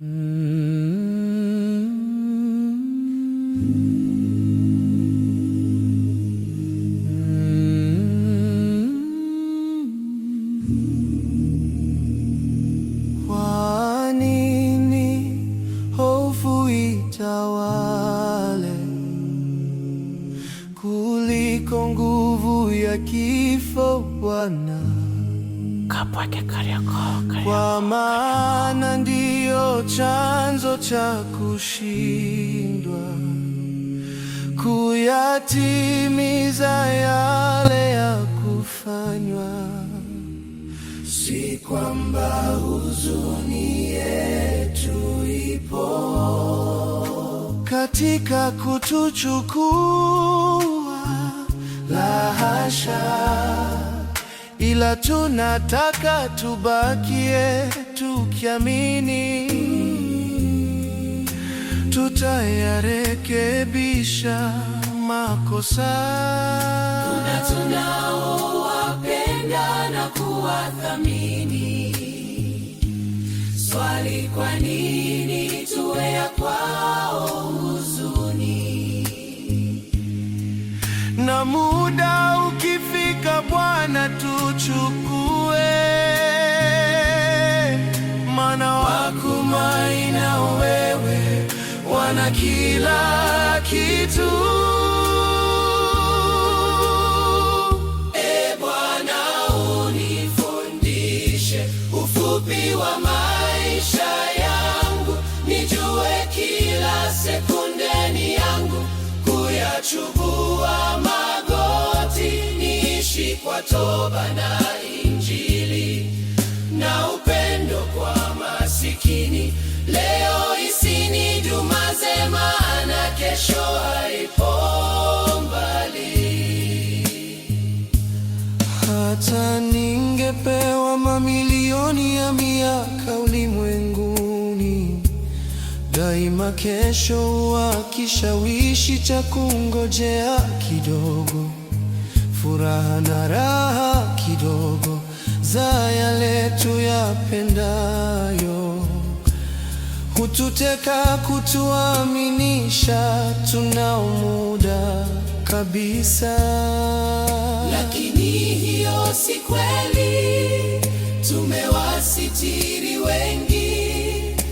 Mm-hmm. kuliko nguvu ya kifo Bwana? kwa maana ndiyo chanzo cha kushindwa kuyatimiza yale ya kufanywa. Si kwamba huzuni yetu ipo katika kutuchukua, la hasha ila tunataka tubakie tukiamini tutayarekebisha makosa. Kuna tunaowapenda na kuwathamini. Swali, kwa nini tuwe ya kwao huzuni na muda nichukue, maana maina wewe, wana kila kitu. E ufupi wa maisha yangu, kila yangu kwa toba na Injili na upendo kwa masikini. Leo isinidumaze, maana kesho haipo mbali. Hata ningepewa mamilioni ya miaka ulimwenguni, daima kesho wa kishawishi cha kungojea kidogo furaha na raha kidogo za yale tuyapendayo, hututeka kutuaminisha tuna muda kabisa, lakini hiyo si kweli. Tumewasitiri wengi,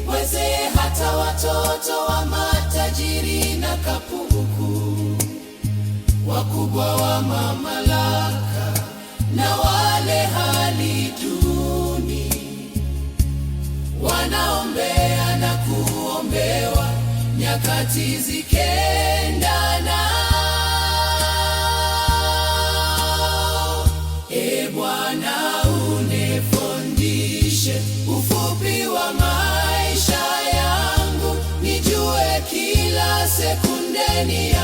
wazee hata watoto wa matajiri na kapu wakubwa wa mamlaka na wale hali duni wanaombea na kuombewa, nyakati zikendana. E Bwana, unifundishe ufupi wa maisha yangu, nijue kila sekunde ni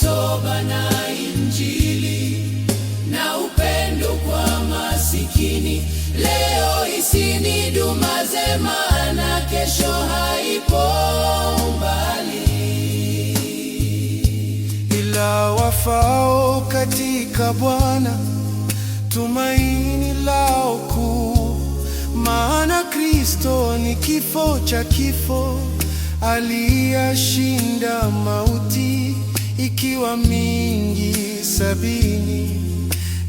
toba na Injili na upendo kwa masikini. Leo isinidumaze, maana kesho haipo mbali. Ila wafao katika Bwana tumaini lao kuu, maana Kristo ni kifo cha kifo, aliyashinda mauti ikiwa mingi sabini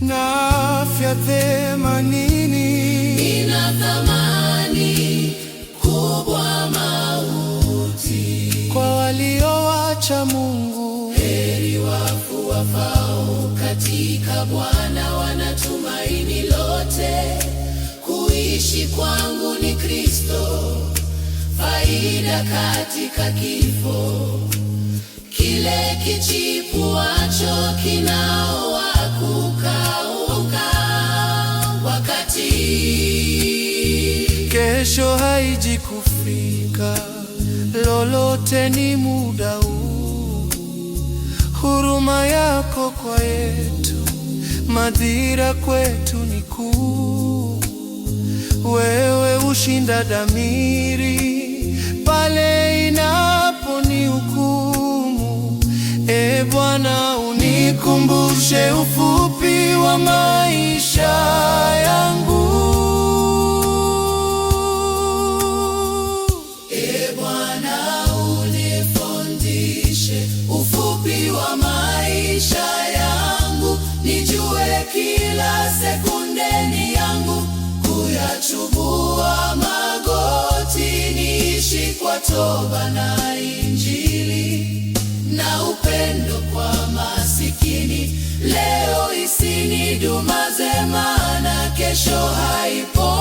na afya themanini ina thamani kubwa mauti kwa waliowacha Mungu. Heri wafu wafao katika Bwana wanatumaini lote. Kuishi kwangu ni Kristo, faida katika kifo kile kichipuacho kinaoa kukauka, wakati kesho haiji kufika, lolote ni muda huu. Huruma yako kwa yetu, madhira kwetu ni kuu. Wewe ushinda damiri pale Bwana, unikumbushe ufupi wa maisha yangu. E yangu, sekundeni yangu kuyachubua magoti, niishi kwa toba Kesho haipo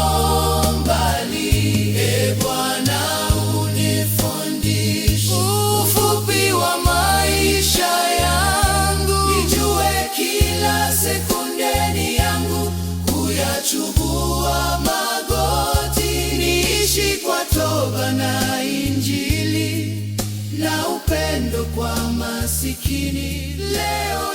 mbali, e Bwana unifundishe ufupi wa maisha yangu, nijue kila sekunde ni yangu, kuyachukua magoti, niishi kwa toba na Injili na upendo kwa masikini leo